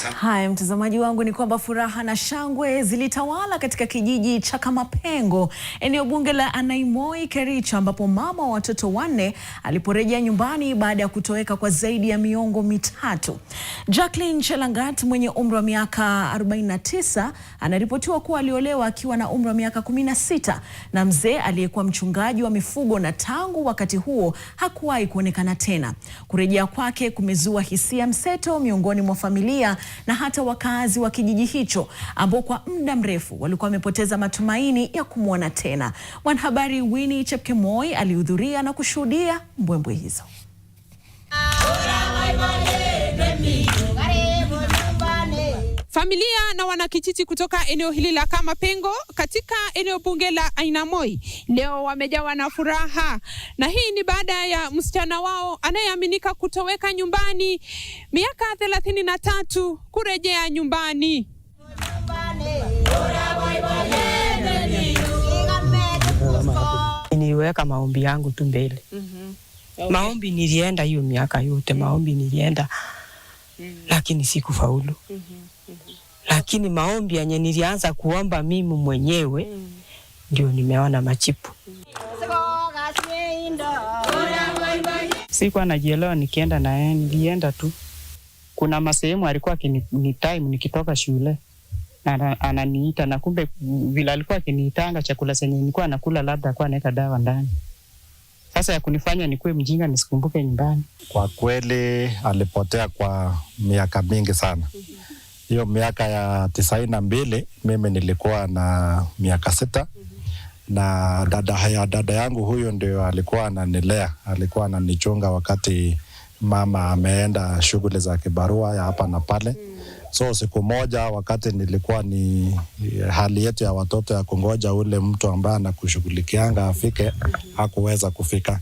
Haya, mtazamaji wangu, ni kwamba furaha na shangwe zilitawala katika kijiji cha Kamapengo, eneo bunge la Anaimoi, Kericho, ambapo mama wa watoto wanne aliporejea nyumbani baada ya kutoweka kwa zaidi ya miongo mitatu. Jacqueline Chelangat mwenye umri wa miaka 49 anaripotiwa kuwa aliolewa akiwa na umri wa miaka 16 na mzee aliyekuwa mchungaji wa mifugo, na tangu wakati huo hakuwahi kuonekana tena. Kurejea kwake kumezua hisia mseto miongoni mwa familia na hata wakazi wa kijiji hicho ambao kwa muda mrefu walikuwa wamepoteza matumaini ya kumwona tena. Mwanahabari Winnie Chepkemoi alihudhuria na kushuhudia mbwembwe hizo. Familia na wanakijiji kutoka eneo hili la Kamapengo katika eneo bunge la Ainamoi leo wamejawa na furaha, na hii ni baada ya msichana wao anayeaminika kutoweka nyumbani miaka thelathini na tatu kurejea nyumbani. Niliweka maombi yangu tu mbele. mm -hmm. okay. Maombi nilienda hiyo miaka yote, maombi nilienda lakini sikufaulu mm -hmm. mm -hmm. lakini maombi yenye nilianza kuomba mimi mwenyewe mm. ndio nimeona machipu mm. sikuwa najielewa, nikienda na yeye, nilienda tu. Kuna masehemu alikuwa ni time nikitoka shule ananiita, na kumbe vile alikuwa akiniitanga, chakula chenye nilikuwa nakula labda alikuwa anaweka dawa ndani sasa ya kunifanya nikuwe mjinga nisikumbuke nyumbani. Kwa kweli alipotea kwa miaka mingi sana. Hiyo miaka ya tisaini na mbili mimi nilikuwa na miaka sita na dada haya, dada yangu huyo ndio alikuwa ananilea, alikuwa ananichunga wakati mama ameenda shughuli za kibarua ya hapa na pale. So siku moja wakati nilikuwa ni eh, hali yetu ya watoto ya kungoja ule mtu ambaye anakushughulikianga afike, hakuweza kufika.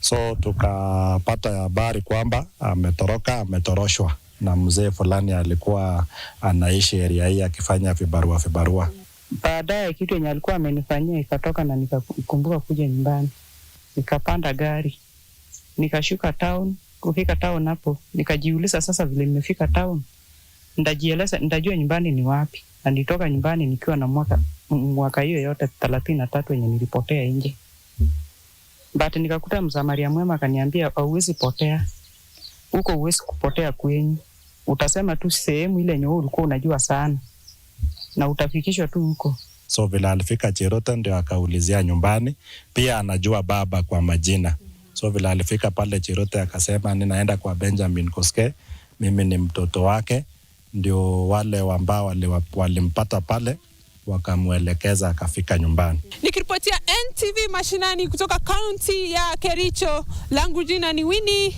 So tukapata habari kwamba ametoroka, ametoroshwa na mzee fulani alikuwa anaishi eria hii akifanya vibarua vibarua. Baadaye kitu yenye alikuwa amenifanyia ikatoka, na nikakumbuka kuja nyumbani, nikapanda gari nikashuka town. Kufika town hapo nikajiuliza sasa, vile nimefika town Ndajieleza, ndajua nyumbani ni wapi, na nitoka nyumbani nikiwa na mwaka mwaka hiyo yote thelathini na tatu yenye nilipotea nje, but nikakuta msamaria mwema akaniambia, hauwezi potea huko, huwezi kupotea kwenyu, utasema tu sehemu ile nyoo ulikuwa unajua sana na utafikishwa tu huko. So vile alifika Cheruto ndio akaulizia nyumbani, pia anajua baba kwa majina. So vile alifika pale Cheruto akasema, ninaenda kwa Benjamin Koske, mimi ni mtoto wake ndio wale ambao walimpata wali pale wakamwelekeza akafika nyumbani. Nikiripotia NTV mashinani kutoka kaunti ya Kericho, langu jina ni Winnie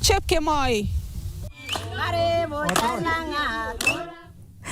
Chepkemoi.